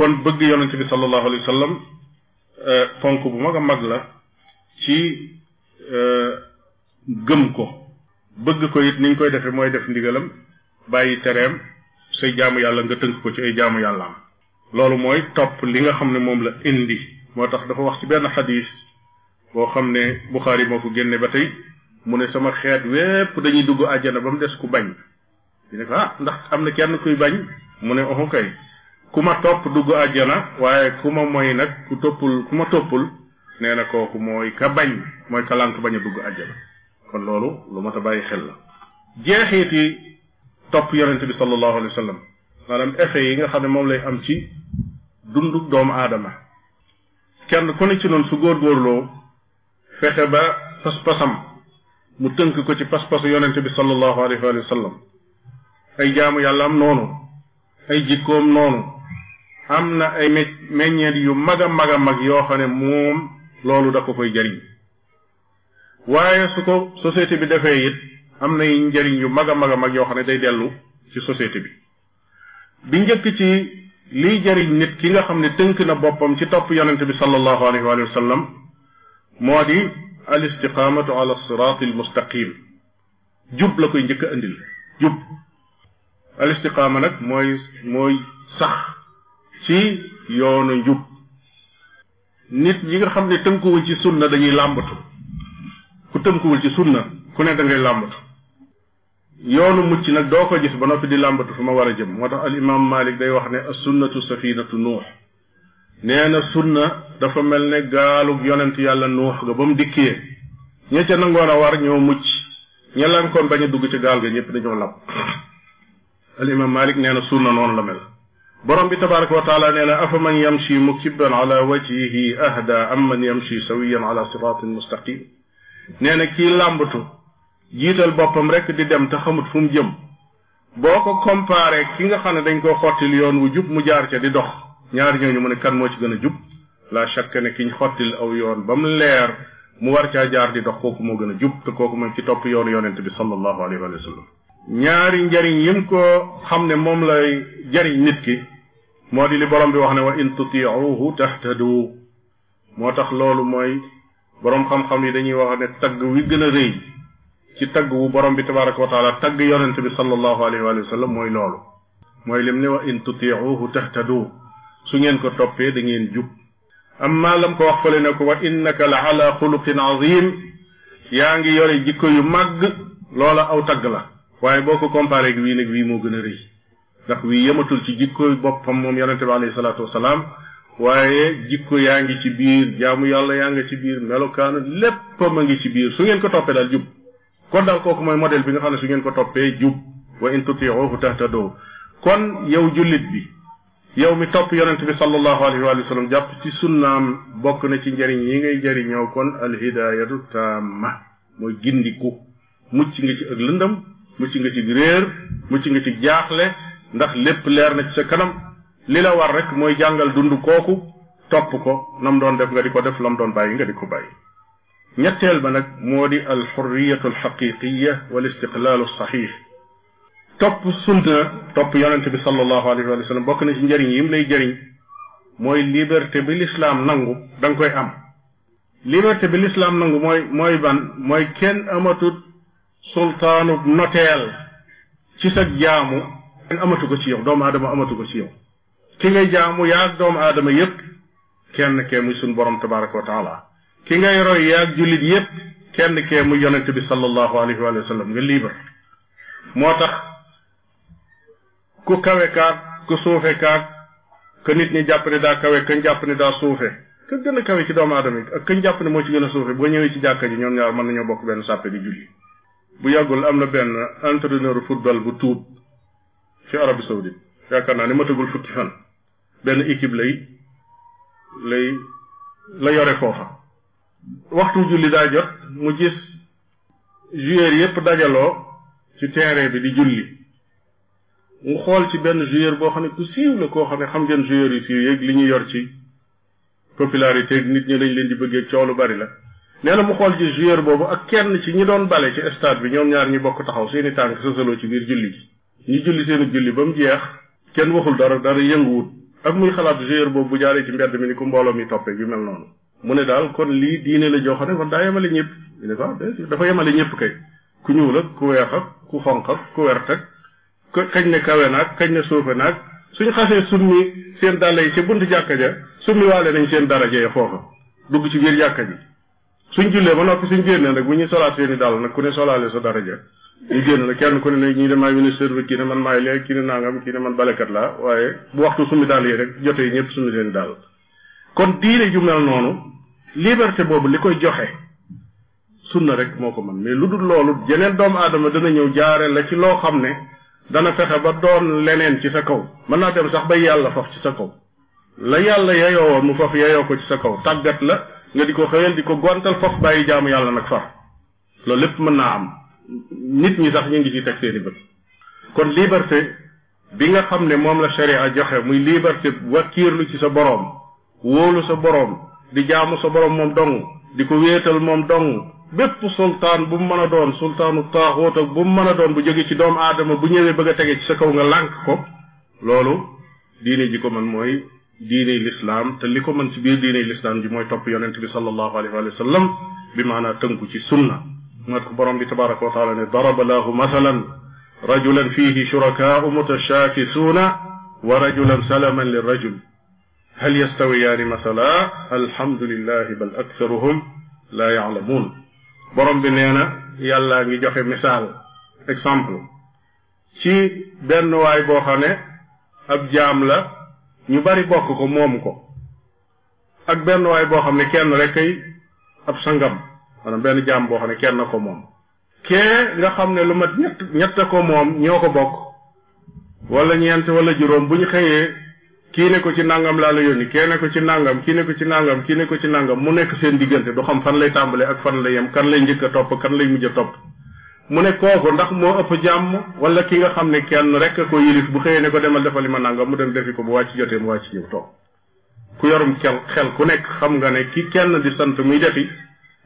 kon bëgg yonent bi sallallahu alayhi wa ponk euh, bu mag a mag la ci euh, gëm ko bëgg ko it niñ koy defee mooy def ndigalam bàyyi tereem say jaamu yàlla nga tënk ko ci ay jaamu yàllaam loolu mooy topp li nga xam ne moom la indi moo tax dafa wax ci benn xadis boo xam ne Buxaari moo ko génne ba tey mu ne sama xeet wépp dañuy dugg àjjana ba mu des ku bañ di ne ko ah ndax am na kenn kuy bañ mu ne oho kay ku ma topp dugg àjjana waaye ku ma moy nag ku toppul ku ma toppul nee na kooku mooy ka bañ mooy ka lànk bañ dugg àjjana kon loolu lu mat a bàyyi xel la jeexit yi topp yonente bi sallallahu alayhi wa sallam maanaam effet yi nga xam ne moom lay am ci dundu doomu aadama kenn ku ne ci noonu su góorloo fexe ba pas-pasam mu tënk ko ci pas-pasu yonente bi sallallahu alayhi wa sallam ay jaamu yàlla am noonu ay jikkoom noonu am na ay me meññeet yu mag a mag a mag yoo xam ne moom loolu da ko koy jariñ waaye su ko société bi defee it am na yi njëriñ yu mag a mag a mag yoo xam ne day dellu ci société bi bi njëkk ci liy jariñ nit ki nga xam ne tënk na boppam ci topp yonente bi sallallahu alayhi wa sallam moo di al istiqamatu ala siraati al mustaqim jub la koy njëkk a indil jub al istiqama nag mooy mooy sax ci yoonu njub nit ñi nga xam ne tënkuwul ci sunna dañuy làmbatu ku tënkuwul ci sunna ku ne da ngay làmbatu yoonu mucc nag doo ko gis ba noppi di làmbatu fu ma war a jëm moo tax al imam malik day wax ne as sunnatu safinatu nuux nee na sunna dafa mel ne gaalug yonent yàlla nuux ga ba mu dikkee ña ca nangoon a war ñoo mucc ña lankoon bañ a dugg ci gaal ga ñëpp dañoo làpp al malik nee na sunna noonu la mel borom bi tabaraka wa taala nee na afa man yamshi mukibban ala wajhihi ahda am man yamshi sawiyan ala siratin mustaqim nee na kii làmbatu jiital boppam rek di dem te xamut fu mu jëm boo ko comparé ki nga xam ne dañ koo xottil yoon wu jub mu jaar ca di dox ñaar ñooñu mu ne kan moo ci gën a jub la chaque ne ki ñu xottil aw yoon ba mu leer mu war caa jaar di dox kooku moo gën a jub te kooku moom ci topp yoonu yonent bi sallallahu alayhi wa sallam ñaari njariñ yim ko xam ne moom lay jariñ nit ki moo di li borom bi wax ne wa in tutiuhu tahtadu moo tax loolu mooy borom xam-xam yi dañuy wax ne tagg wi gën a rëy ci tagg wu borom bi tabaraka wa taala tagg yonent bi sallallahu alayhi wa sallam mooy loolu mooy lim ne wa in tutiuhu tahtadu su ngeen ko toppee da ngeen jub amma lam ko wax fale ne ko wa innaka la ala xuluqin azim yaa ngi yore jikko yu màgg loola aw tagg la waaye boo ko comparé ak wii nag wii moo gën a rëy ndax wii yëmatul ci jikko boppam moom yonente bi alayhi salaatu wasalaam waaye jikko yaa ngi ci biir jaamu yàlla yaa ngi ci biir melokaanu lépp a ngi ci biir su ngeen ko toppee daal jub kon daal kooku mooy modèle bi nga xam ne su ngeen ko toppee jub wa in tutiuhu tahtadoo kon yow jullit bi yow mi topp yonente bi sallallahu alayhi wa sallam jàpp ci sunnaam bokk na ci njariñ yi ngay jariñoo kon alhidayatu taamma mooy gindiku mucc mucc nga ci réer mucc nga ci jaaxle ndax lépp leer na ci sa kanam li la war rek mooy jàngal dund kooku topp ko nam doon def nga di ko def lam doon bàyyi nga di ko bàyyi ñetteel ba nag moo di al xurriyatu al xaqiqiya wal istiqlaalu saxiix topp sunna topp yonent bi sallallahu alayhi sallam bokk na ci njëriñ yim lay jëriñ mooy liberté bi lislaam nangu da koy am liberté bi lislaam nangu mooy mooy ban mooy kenn amatut sultaanub noteel ci sa jaamu amatu ko ci yow doomu aadama amatu ko ci yow ki ngay jaamu yaag doomu aadama yépp kenn ke muy suñ borom tabaraka wa taala ki ngay roy yaag jullit yépp kenn kee muy yonent bi sallallahu alayhi wa sallam nga liibar moo tax ku kawe kaag ku suufe kaag ka nit ñi jàpp ne daa kawe kañ jàpp ne daa suufe ka gën a kawe ci doomu aadama yi kañ jàpp ne moo ci gën a suufe boo ñëwee ci jàkka ji ñoom ñaar mën nañoo bokk benn sàppe di bu yàggul am na benn entraîneur football bu tuub ci Arabie Saoudite yaakaar naa ni matagul fukki fan benn équipe lay lay la yore foofa waxtu julli daa jot mu gis joueur yépp dajaloo ci terrain bi di julli mu xool ci benn joueur boo xam ne ku siiw la koo xam ne xam ngeen joueur yu siiw yéeg li ñu yor ci popularité nit ñi dañ leen di bëggee coow lu bari la nee na mu xool ci joueur boobu ak kenn ci ñi doon bale ci stade bi ñoom ñaar ñi bokk taxaw seeni tànk sësaloo ci biir julli gi ñu julli seen julli ba mu jeex kenn waxul dara dara yënguwut ak muy xalaat joueur boobu bu jaaree ci mbedd mi ni ku mbooloo mi toppee bi mel noonu mu ne daal kon lii diine la joo xam ne kon daa yemale ñëpp ah, il dafa yemale ñëpp kay ku ñuul ak ku weex ak ku xonq ak ku wert ka kañ ne kawe naag kañ ne suufe naag suñ xasee summi seen dàll yi ca bunt jàkka ja summi waale nañ seen daraja ya foofa dugg ci biir suñ jullee ba noppi suñ génnee nag bu ñu solaat seeni daal nag ku ne solaale sa daraja ñu génn nag kenn ku ne léegi ñuy dem maay ministère bi kii ne man maay léegi kii ne nangam kii ne man balekat laa waaye bu waxtu summi daal yi rek jotee yi ñëpp summi seen daal kon diine ju mel noonu liberté boobu li koy joxe sunna rek moo ko man mais lu dul loolu jeneen doomu aadama dana ñëw jaare la ci loo xam ne dana fexe ba doon leneen ci sa kaw mën naa dem sax ba yàlla faf sa kaw yàlla yeyoo woon mu faf yeyoo ko ci sa kaw tàggat la nga di ko xëyal di ko gontal fof bàyyi jaamu yàlla nag fa loolu lépp mën naa am nit ñi sax ñu ngi ci teg seen i kon liberté bi nga xam ne moom la sharia joxe muy liberté wakkiirlu ci sa borom wóolu sa borom di jaamu sa borom moom dong di ko wéetal moom dong bépp sultaan bu mu mën a doon sultaanu taaxóot ak bu mu mën a doon bu jóge ci doomu aadama bu ñëwee bëgg a ci sa kaw nga lànk ko loolu diine ji ko man mooy diine lislaam te li ko mën ci biir diine lislaam ji mooy topp yonent bi sallallahu alayhi wa sallam bi maanaa tënku ci sunna mat ko borom bi tabaraka wa taala ne daraba lahu masalan rajulan fihi shurakaau mutashakisuuna wa rajulan salaman lirajul hal يستويان مثلا الحمد bal بل la لا borom bi nee na yàlla ngi joxe misaal exemple ci benn waay boo xam ne ab jaam la ñu bari bokk ko moom ko ak benn waay boo xam ne kenn rek kay ab sangam maanaam benn jaam boo xam ne kenn ko moom kee nga xam ne lu mat ñett ñett ko moom ñoo ko bokk wala ñeent wala juróom bu ñu xëyee kii ne ko ci nangam laa la yónni kee ne ko ci nangam kii ne ko ci nangam kii ne ko ci nangam mu nekk seen diggante du xam fan lay tàmbale ak fan lay yem kan lay njëkk a topp kan lay mujj a topp mu ne kooku ndax moo ëpp jàmm wala ki nga xam ne kenn rek ko yilif bu xëyee ne ko demal defali ma nangam mu dem defi ko bu wàcc jotee mu wàcc ñëw toog ku yorum xel xel ku nekk xam nga ne ki kenn di sant muy defi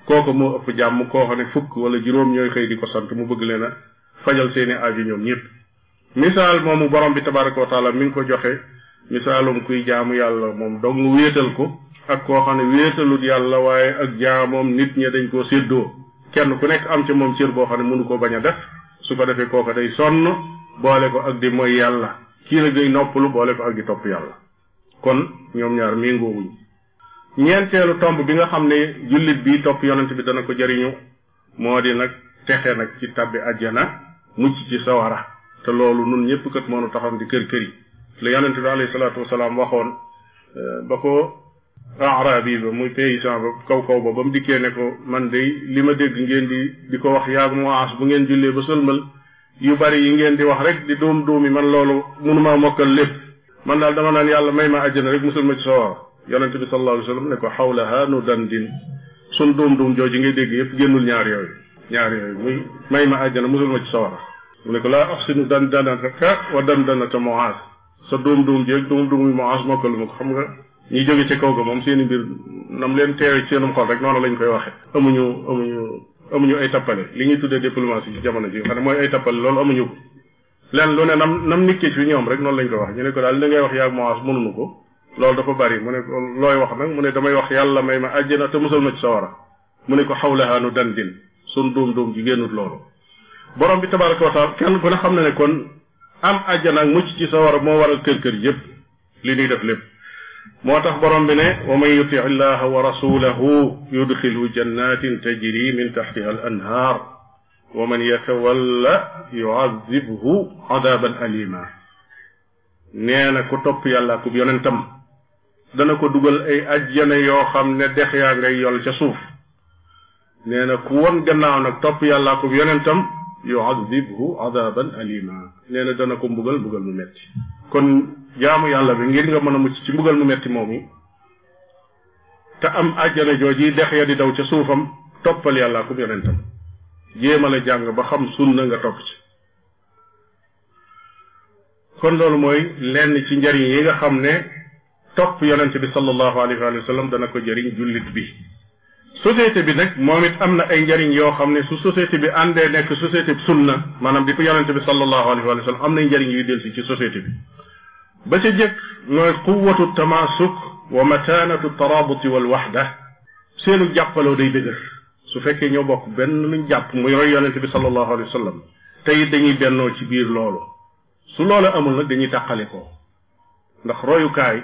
kooku moo ëpp jàmm koo xam ne fukk wala juróom ñooy xëy di ko sant mu bëgg leena a fajal seeni aajo ñoom ñëpp misaal moomu borom bi tabaraka wa taala mi ngi ko joxe misaalum kuy jaamu yàlla moom dong wéetal ko ak koo xam ne wéetalut yàlla waaye ak jaamoom nit ña dañ koo séddoo kenn ku nekk am ci moom cër boo xam ne mënu koo bañ a def su ko defee kooka day sonn boole ko ak di mooy yàlla kii la noppalu boole ko ak di topp yàlla kon ñoom ñaar méngoowuñ ñeenteelu tomb bi nga xam ne jullit bi topp yonent bi dana ko jariñu moo di nag texe nag ci tabbi àjjana mucc ci sawara te loolu nun ñëpp kat moonu taxam di kër kër yi la yonent bi alayhi salaatu wasalaam waxoon eh, ba arab yi ba muy paysan ba kaw kaw ba ba mu dikkee ne ko man de li ma dégg ngeen di di ko wax yaag muwaas bu ngeen jullee ba sëlmal yu bari yi ngeen di wax rek di doom doomi man loolu maa mokkal lépp man daal dama naan yàlla may ma àjjana rek musul ma ci sawara yonente bi sallallahu alayhi wa sallam ne ko xawlaha nu dandin sun doom doom jooju ngay dégg yëpp génnul ñaar yooyu ñaar yooyu muy may ma àjjana musul ma ci sawara mu ne ko laa axsinu dan danataka wa dan danata muwaas sa doom doom ji rek doom doomi muwaas mokkalu ma ko xam nga ñi jóge ci kaw ga moom seen i mbir nam leen teewe ci seenum xol rek noonu lañ koy waxe amuñu amuñu amuñu ay tappale li ñuy tuddee diplomatie ci jamono ji xam ne mooy ay tappale loolu amuñu ko leen ne nam nam nikkee ci ñoom rek noonu lañ koy wax ñu ko daal li ngay wax yaag moas mënuñu ko loolu dafa bari mu ne ko looy wax nag mu ne damay wax yàlla may ma àjjana te musal ma ci sawara mu ne ko xawlahaanu dandin sun doom doom ji génnut loolu borom bi tabaraka wa taala kenn ku xam na ne kon am àjjana ak mucc ci sawara moo waral kër kër yëpp li ñuy def lépp موتاخ بروم بي ومن يطع الله ورسوله يدخل جنات تجري من تحتها الانهار ومن يتولى يعذبه عذابا اليما نانا كو توب يالا كو يوننتم دا نكو دوجال اي اجينا يو خامن ديخ ياك ري يول سي سوف نانا كو وون غناو نك توب يالا كو يوننتم يعذبه عذابا اليما نانا دا نكو مبوغل مبوغل مو متي كون jaamu yàlla bi ngir nga mën a mucc ci mbugal mu metti moom yi te am àjjana jooji dex ya di daw ca suufam toppal yàllaa kum yonentam jéemale jàng ba xam sunna nga topp ci kon loolu mooy lenn ci njariñ yi nga xam ne topp yonent bi sallallahu alayhi wa sallam dana ko jëriñ jullit bi société bi nag moom it am na ay njariñ yoo xam ne su société bi àndee nekk société bi sunna maanaam di ko yonent bi sallallahu alayhi wa sallam am na njariñ yuy delsi ci société bi ba ca jëkk mooy quwatu tamaasuk wa mataanatu taraabuti wal waxda seenu jàppaloo day dëgër su fekkee ñoo bokk benn luñ jàpp muy roy yonente bi sallallahu alayhi wa te it dañuy bennoo ci biir loolu su loola amul nag dañuy tàqalikoo ndax royukaay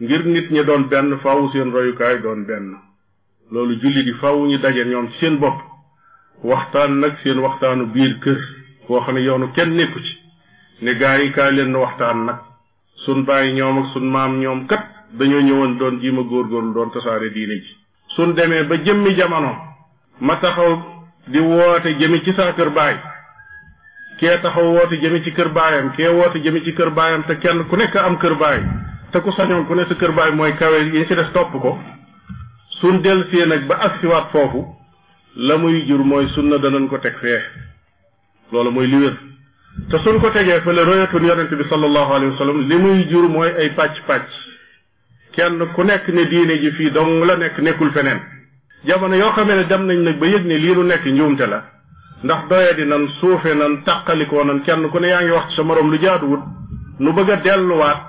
ngir nit ñi doon benn faaw seen royukaay doon benn loolu julli di faaw ñu daje ñoom ci seen bopp waxtaan nag seen waxtaanu biir kër koo xam ne yoonu kenn nekku ci ne gaa yi kaay leen nu waxtaan nag sun bàyyi ñoom ak sun maam ñoom kat dañoo ñëwoon doon ji góor góorgóorlu doon tasaare diine ji sun demee ba jëmmi jamono ma taxaw di woote jëmi ci saa kër baay kee taxaw woote jëmi ci kër baayam kee woote jëmi ci kër baayam te kenn ku nekk am kër baay te ku sañoon ku nekk sa kër baay mooy kawe yi ci def topp ko suñ sun delsee nag ba ak agsiwaat foofu la muy jur mooy sunna danañ ko teg fee loolu mooy li te suñ ko tegee fële royatun yonente bi sallallahu alayhi wa sallam li muy jur mooy ay pàcc-pàcc kenn ku nekk ne diine ji fii dong la nekk nekkul feneen jamono yoo xamee ne dem nañ nag ba yëg ne lii lu nekk njuumte la ndax doye di nan suufe nan tàqalikoo nan kenn ku ne yaa ngi wax ci sa moroom lu jaaduwut nu bëgg a delluwaat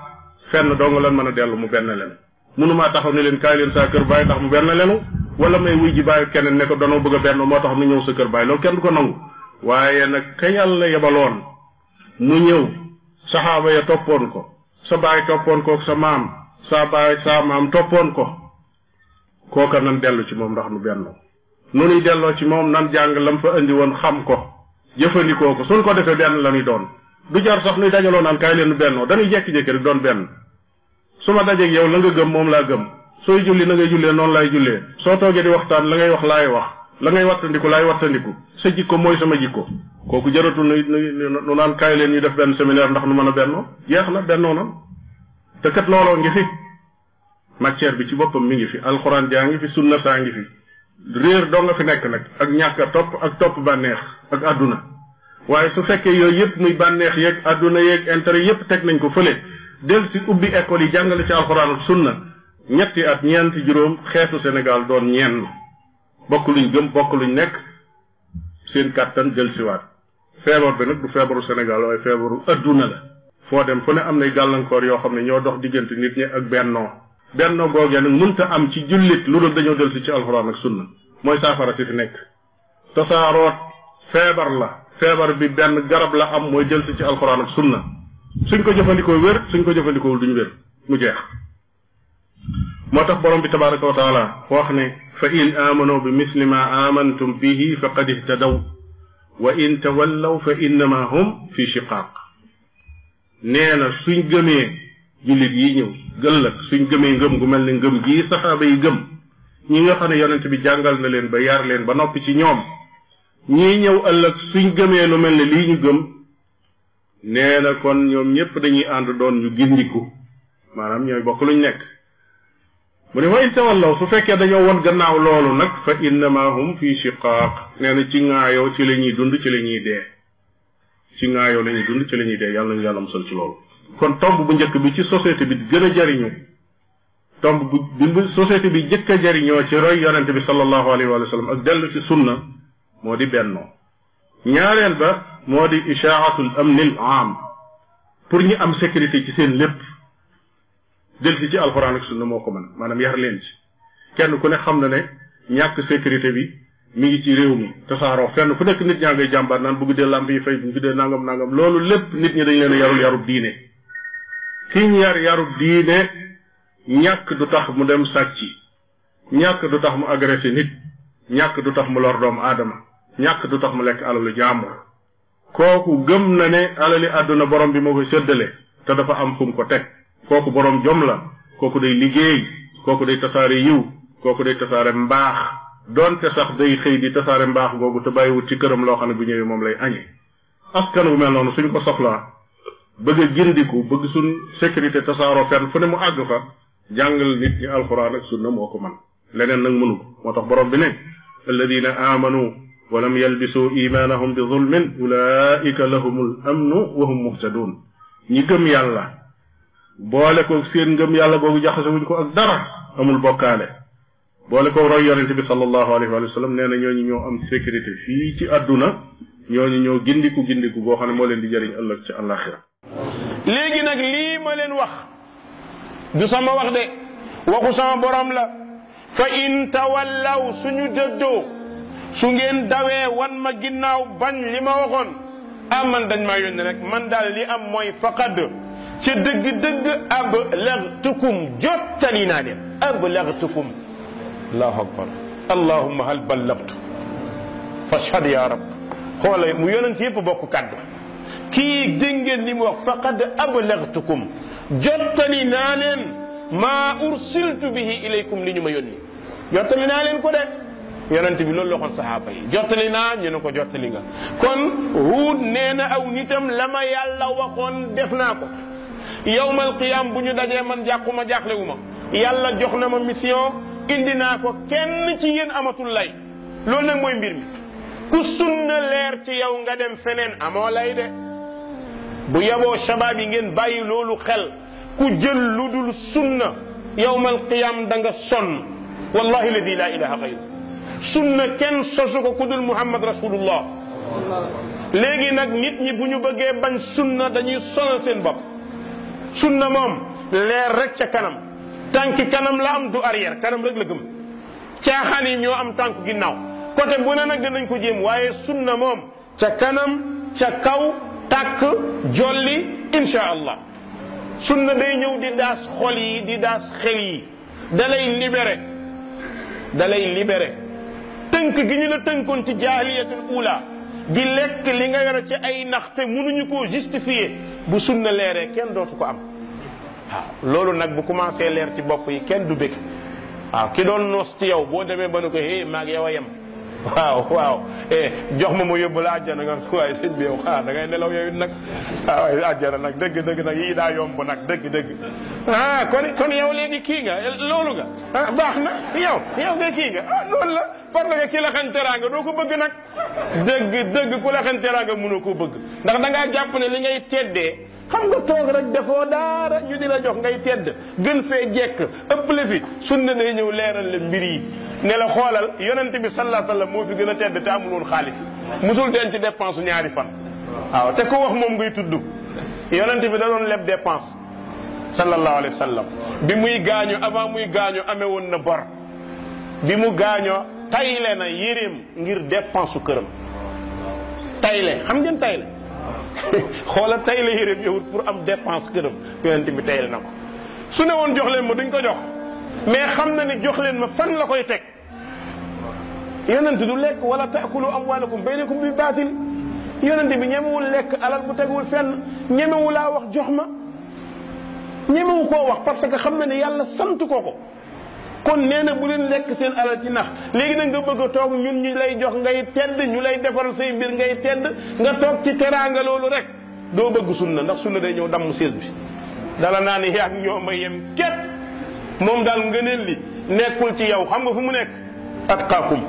fenn dong la mën a dellu mu benn leen mënumaa taxaw ne leen kaay leen saa kër bàyyi ndax mu benn lenu wala may wuy ji bàyyi keneen ne ko danoo benn moo tax nu ñëw sa kër bàyyi loolu kenn ko nangu waaye nag ka yàlla yebaloon mu ñëw saxaaba ya toppoon ko sa baay toppoon ko sa maam sa baay sa maam toppoon ko kooka nan dellu ci moom ndax nu bennoo nu nuy delloo ci moom nan jàng lam fa indi woon xam ko jëfandikoo ko suñ ko defee benn la ñuy doon du jar sax nuy dajaloo naan kaay leen nu bennoo dañuy jekki-jekki rek doon benn su ma dajeeg yow la nga gëm moom laa gëm sooy julli na ngay jullee noonu laay jullee soo toogee di waxtaan la ngay wax laay wax la ngay wattandiku laay wattandiku sa jikko mooy sama jikko kooku jaratul nu nu naan kaay leen ñu def benn séminaire ndax nu mën a bennoo jeex na bennoo na te kat looloo ngi fi matière bi ci boppam mi ngi fi alxuraan jaa ngi fi sunna saa ngi fi réer doo nga fi nekk nag ak ñàkk a topp ak topp bànneex ak àdduna waaye su fekkee yooyu yëpp muy bànneex yeeg àdduna yeeg intérêt yëpp teg nañ ko fële del si ubbi école yi jàngale ci alxuraan ak sunna ñetti at ñeenti juróom xeetu Sénégal doon ñenn bokk luñ gëm bokk luñ nekk seen kàttan jël siwaat feebar bi nag du feebaru Sénégal waaye feebaru adduna la foo dem fu ne am na gàllankoor yoo xam ne ñoo dox diggante nit ñi ak bennoo bennoo googee nag mënta am ci jullit lu dul dañoo dellusi ci alxuraan ak sunna mooy saafara si fi nekk tasaaroot feebar la feebar bi benn garab la am mooy dellusi ci alxuraan ak sunna suñ ko jëfandikoo wér suñ ko jëfandikoo duñ wér mu jeex moo tax borom bi tabaraka wa taala wax ne fa in amano bi misli ma amantum bihi faqad ihtadaw wa in tawallaw fa innama hum fi shiqaaq nee na suñ gëmee jullit yi ñëw gëllëg suñ gëmee ngëm gu mel ne ngëm gi saxaaba yi gëm ñi nga xam ne yonent bi jàngal na leen ba yar leen ba noppi ci ñoom ñii ñëw ëllëg suñ gëmee lu mel ni lii ñu gëm nee na kon ñoom ñépp dañuy ànd doon ñu gindiku maanaam ñooy bokk luñ nekk mu ne wa in tawallaw su fekkee dañoo won gannaaw loolu nag fa innama hum fi shiqaaq nee na ci ŋaayoo ci la ñuy dund ci la ñuy dee ci ŋaayoo la ñuy dund ci la ñuy dee yàlla nañu yàlla musal ci loolu kon tomb bu njëkk bi ci société bi gën a jariñu tomb bu bi société bi jëkk a jariñoo ci roy yonente bi sallallahu alayhi wa sallam ak dellu ci sunna moo di bennoo ñaareel ba moo di ishaatul amnil am pour ñu am sécurité ci seen lépp del si ci alxuraan ak sunna moo ko mën maanaam yar leen ci kenn ku ne xam na ne ñàkk sécurité bi mu ngi ci réew mi tasaaroo fenn fu nekk nit ñaa ngay naan bu guddee làmp yi fay bu guddee nangam nangam loolu lépp nit ñi dañ leen a yarul yarub diine kii ñu yar yarub diine ñàkk du tax mu dem sàcc ñàkk du tax mu agressé nit ñàkk du tax mu lor doomu aadama ñàkk du tax mu lekk alalu jàmbur kooku gëm na ne alali àdduna borom bi moo koy séddale te dafa am fu ko teg kooku boroom jom la kooku day liggéey kooku day tasaare yiw kooku day tasaare mbaax doonte sax day xëy di tasaare mbaax googu te bàyyiwut ci këram loo xam ne bu ñëwee moom lay añee askan wu mel noonu suñ ko soxlaa bëgg a gindiku bëgg suñ sécurité tasaaroo fenn fu ne mu àgg fa jàngal nit ñi alxuraan ak sunna moo ko man leneen nag mënu ko moo tax borom bi ne alladina aamanu wa lam yalbisu imaanahum bi zulmin ulaika lahumul amnu wa hum muhtadun ñi gëm yàlla boole ko seen ngëm yàlla googu jaxasewuñ ko ak dara amul bokkaale boole ko roy yonent bi sallallahu alayhi wa sallam nee na ñooñu ñoo am sécurité fii ci àdduna ñooñu ñoo gindiku gindiku boo xam ne moo leen di jëriñ ëllëg ci àllaaxira léegi nag lii ma leen wax du sama wax de waxu sama borom la fa in tawallaw suñu dëddoo su ngeen dawee wan ma ginnaaw bañ li ma waxoon ah man dañ maa yónni rek man daal li am mooy faqad ci dëgg-dëgg ablagtukum jottali naa leen ablagtukum allahu akbar allahumma hal ballagtu fashhad ya rab xoola mu yonent yëpp bokk kàddu kii dégg ngeen li mu wax faqad ablagtukum jottali naa leen maa ursiltu bihi ilaykum li ñu ma yónni jottali naa leen ko de yonent bi loolu la waxoon sahaaba yi jottali naa ñu ne ko jottali nga kon huud nee na aw nitam la ma yàlla waxoon def naa ko يوم القيام بني دجي من جاكو ما جاك لهما يالا جوخنا ما ميسيون اندي ناكو كين تي يين اماتول لاي لول نك كو سنة لير تي ياو nga dem fenen amo lay de bu yabo shabab yi ngeen bayyi lolou xel ku jël يوم القيام دا سن والله الذي لا اله غيره سنة كن سوسوكو كودول محمد رسول الله لغي نك نيت ني بونو بوغي بان سنة دانيو سونال سين باب sunna mom leer rek ca kanam tànk kanam la am du arrière kanam rek la gëm ci xani ño am tànk ginnaw côté bu ne nag danañ ko jëm waye sunna mom ca kanam ca kaw tak jolli insha allah sunna day ñëw di das xol yi di das xel yi da lay libéré da lay libéré tënk gi ñu la tankon ci jahiliyatul ula di lek li nga yara ci ay naxte mënuñu ko justifier bu sunna leeree kenn dootu ko am waaw loolu nag bu commencé leer ci bopp yi kenn du bëgg waaw ki doon noos ci yow boo demee ba nu ko hé maa ngi yow a yem waaw waaw eh jox ma ma yóbbu la àjjana nga waaye sëñ bi yow xaa da nelaw yow it nag ah, waaye àjjana nag dëgg dëgg nag yii daa yomb nag dëgg dëgg ko ah, kon kon yow kii nga loolu ah, baax na yow yow nga kii nga ah noonu la parce doo ko bëgg nag dëgg dëgg ku la xañ teraanga mënoo ko bëgg ndax da jàpp ne li ngay teddee xam nga toog rek defoo daara ñu di la jox ngay tedd gën fee jekk ëpp la fi sunna day ñëw leeral la mbir yi ne la xolal yonent bi sallallahu alayhi wa sallam moo fi gëna tedd te amul woon xaalis musul denc dépense ñaari fan waaw te ko wax mom ngay tudd yonent bi da doon leb dépense sallallahu alayhi wa sallam bi muy gaañu avant muy gaañu amé won na bor bi mu gaañoo tayle na yirim ngir dépense kërëm tayle xam ngeen tayle xolal tayle yirim yowut pour am dépense kërëm yonent bi tayle nako su ne won jox leen mo duñ ko jox mais xam na ni jox leen ma fan la koy tek يونت دو ليك ولا تاكلوا اموالكم بينكم بالباطل يونت بي نيمو ليك علال مو تيغول فن نيمو لا واخ جوخما نيمو كو واخ باسكو خمنا ني يالا سانت كوكو كون نينا بولين ليك سين علال تي ناخ ليغي نغا بوغ توك نين ني لاي جوخ غاي تيند ني لاي ديفال سي بير غاي تيند غا توك تي تيرانغا لولو ريك دو بوغ سنة ناخ سنة داي نيو دام سيس بي دالا ناني ياك نيوما يم كيت موم دال نغنيل لي نيكول تي ياو خمغا فمو نيك اتقاكم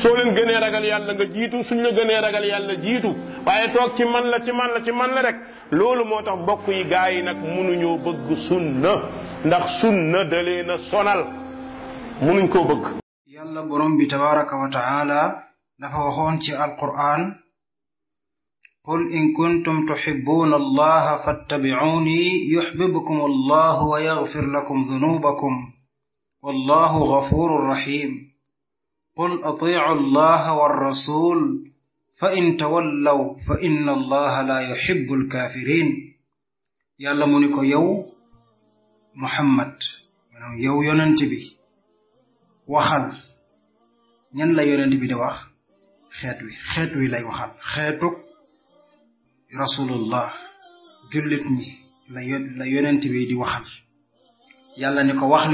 soolin gëné ragal yàlla nga jitu suñ la gënee ragal yàlla jitu waye tok ci man la ci man la ci man la rek loolu motax bokk yi gaay nak mënu ñoo bëgg sunna ndax sunna da leena sonal mënuñ ko bëgg yàlla borom bi tabaraka wa taala dafa waxoon ci alquran قل إن كنتم تحبون الله فاتبعوني يحببكم الله ويغفر لكم ذنوبكم والله غفور رحيم قل أطيعوا الله والرسول فإن تولوا فإن الله لا يحب الكافرين يا مونيكو يو محمد مانام يو يوننتي بي وخال لا يوننتي بي دي خاتوي خيت وي خيت وي رسول الله جلتني لا يوننتي بي دي وخال يالا نيكو واخ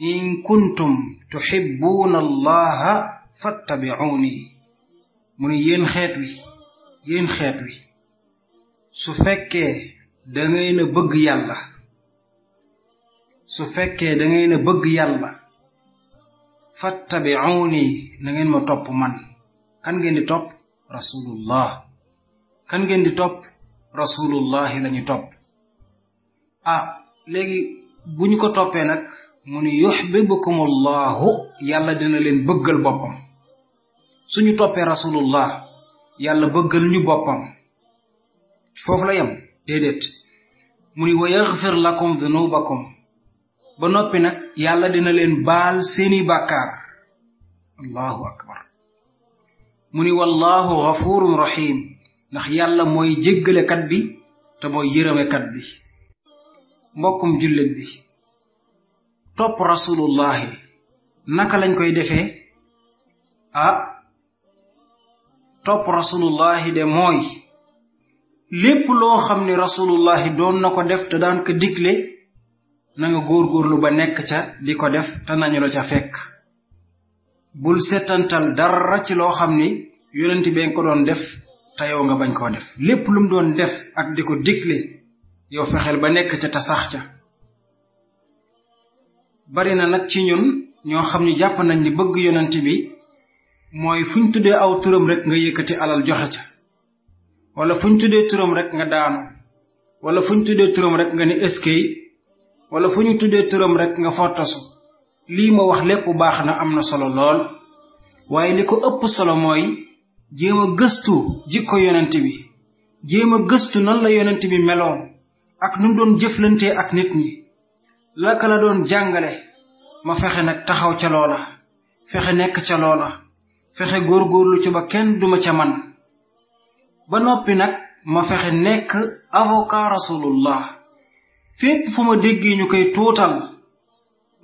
in kuntum tuhibbuuna allaha fattabi'uuni mu ni yéen xeet wi yéen xeet wi su fekkee da ngay a bëgg yàlla su fekkee da ngay na bëgg yàlla fattabi'uuni na ngeen ma topp man kan ngeen di topp rasulullah kan ngeen topp rasulullahi lañu topp ah léegi bu ñu ko toppe nag mu ne yuxbibukum allahu yàlla dina leen bëggal boppam suñu toppee rasulullah yàlla bëggal ñu boppam foofu la yem déedéet mu ni wa yaxfir lakum dunubakum ba noppi nag yàlla dina leen baal seeni bàkkaar mu ni wallahu gafurun rahim ndax yàlla mooy jéggalekat bi te mooy yërëmekat bi mbokkum jullit bi topp rasulullahi naka lañ koy defee ah topp rasulullahi de mooy lépp loo xam ne rasulullahi doon na ko def te daan ko digle na nga góorgóorlu ba nekk ca di ko def ta nañu la ca fekk bul setantal dara ci loo xam ni yonent bi ko doon def te yow nga bañ koo def lépp lu doon def ak di ko digle yow fexeel ba nekk ca te sax ca bari na nag ci ñun ñoo xam ni jàpp nañ ni bëgg yonent bi mooy fu ñu tuddee aw turam rek nga yëkkati alal joxe ca wala fu ñu tuddee turam rek nga daanu wala fu tuddee turam rek nga ni eskay wala fu ñu tuddee turam rek nga fottasu lii ma wax lépp baax na am na solo lool waaye li ko ëpp solo mooy jéem a gëstu jikko yonent bi jéem a gëstu nan la yonent bi meloon ak nu mu doon jëflantee ak nit ñi la ka la doon jàngale ma fexe nag taxaw ca loola fexe nekk ca loola fexe góorlu ci ba kenn duma ca man ba noppi nag ma fexe nekk avocat rasulullah fépp fu ma déggee ñu koy tuutal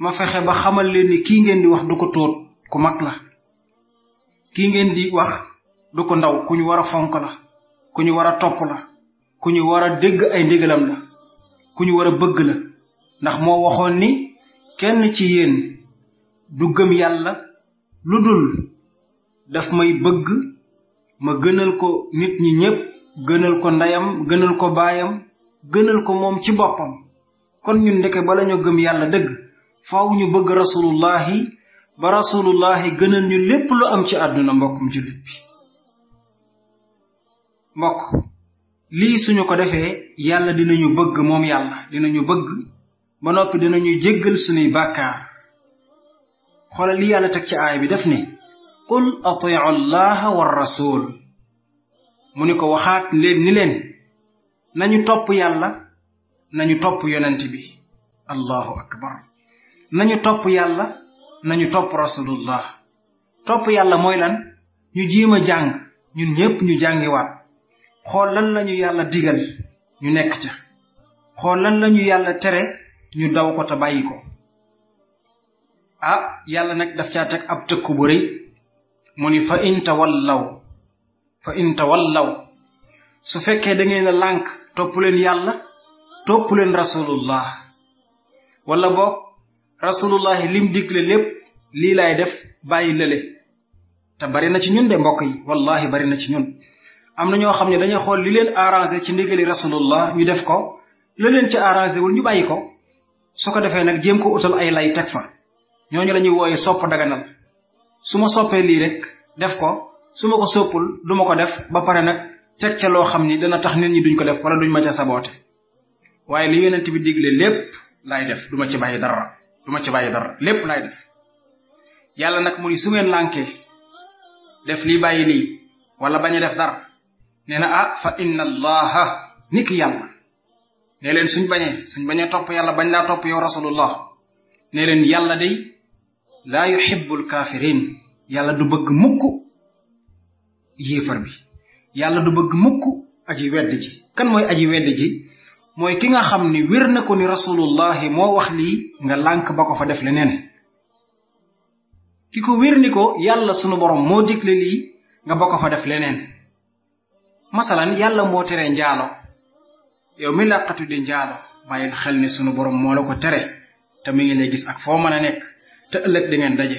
ma fexe ba xamal leen ni kii ngeen di wax du ko tuut ku mag la kii ngeen di wax du ko ndaw ku ñu war a fonk la ku ñu war a topp la ku ñu war a dégg ay ndigalam la ku ñu war a bëgg la ndax moo waxoon ni kenn ci yéen du gëm yàlla lu dul daf may bëgg ma gënal ko nit ñi ñépp gënal ko ndeyam gënal ko baayam gënal ko moom ci boppam kon ñun ndeke bala ñu gëm yàlla dëgg faaw ñu bëgg rasulullahi ba rasulullahi gënal ñu lépp lu am ci àdduna mbokkum jullit bi mbokk lii suñu ko defee yàlla dinañu bëgg moom yàlla dinañu bëgg ba noppi dina ñuy jéggal sunuy bàkkaar xoolal li yàlla teg ci aaya bi def ni qul atiu allaha mu ni ko waxaat leen ni leen nañu topp yàlla nañu topp yonent bi allahu nañu topp yàlla nañu topp rasulullah topp yàlla mooy lan ñu jéem a jàng ñun ñépp ñu jàngiwaat xool lañu yàlla digal ñu nekk ca xool lan lañu yàlla tere ñu daw ko te bàyyi ko ah, yàlla nag daf caa teg ab tëkku bu rëy mu fa in tawallaw fa in tawallaw su fekkee da ngeen a lànk topp leen yàlla topp leen rasulullah wala boog rasulullah lim digle lépp lii laay def bàyyi lële te bari na ci ñun de mbokk yi wallahi bari na ci ñun am na ñoo xam ne dañuy xool li leen arrangé ci ndigali rasulullah ñu def ko la leen ci arrangé wul ñu bàyyi su ko defee nag jéem ko utal ay lay teg fa ñooñu la ñuy wooye sopp daganal su ma soppee lii rek def ko su ma ko soppul du ma ko def ba pare nag teg ca loo xam ni dana tax nit ñi duñ ko def wala duñ ma ca saboote waaye li yonent bi digle lépp laay def du ma ci bàyyi dara du ma ci bàyyi dara lépp laay def yàlla nag mu ni su ngeen lànkee def lii bàyyi lii walla bañ def dara nee na ah fa inna allaha ni ki yàlla nee suñ bañee suñ bañee topp yàlla bañ laa topp yow rasulullah nee leen yàlla day laa yuhibbul kafirin yàlla du bëgg mukk yéefar bi yàlla du bëgg mukk aji wedd ji kan mooy aji wedd ji mooy ki nga xam ni wér na ko ni rasulullahi moo wax lii nga lànk ba ko fa def leneen ki ko wér ni ko yàlla sunu borom moo digle lii nga ba ko fa def leneen masalan yàlla moo tere njaalo yow mi làqatu di njaalo bàyyil xel ni sunu borom moo la ko tere te mi ngi lay ak foo mën a nekk te ëllëg di ngeen daje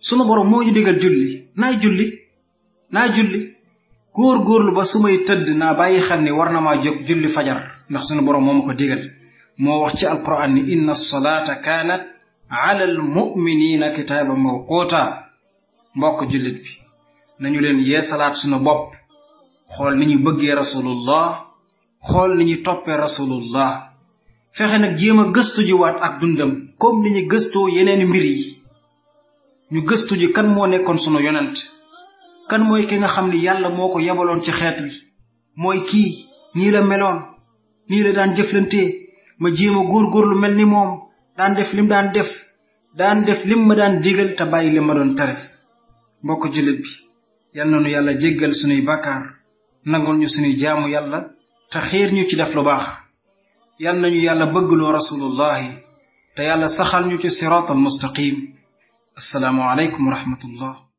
sunu borom moo ñu digal julli naay julli naa julli góor góorlu ba su tëdd naa bàyyi xel ni war na maa jóg julli fajar ndax sunu borom moo ma ko digal moo wax ci alquran ni inna salaata kaanat ala almuminina kitaaba mawquuta mbokk jullit bi nañu leen yee salaat sunu bopp xool ni ñu bëggee rasulullah xool ni ñu toppee rasulullah fexe nag jéem a gëstu ji waat ak dundam comme ni ñu gëstoo yeneen mbir yi ñu gëstu ji kan moo nekkoon sunu yonent kan mooy ki nga xam ni yàlla moo ko yebaloon ci xeet wi mooy kii nii la meloon nii la daan jëflantee ma jéem a lu mel ni moom daan def lim daan def daan def lim ma daan digal te bàyyi li ma doon tere mbokk jullit bi yal na nu yàlla jéggal sunuy bàkkaar nangul ñu sunuy jaamu yàlla تخير نيو تي باخ يال نيو يالا بغ لو رسول الله تا يالا سخال نيو تي صراط المستقيم السلام عليكم ورحمه الله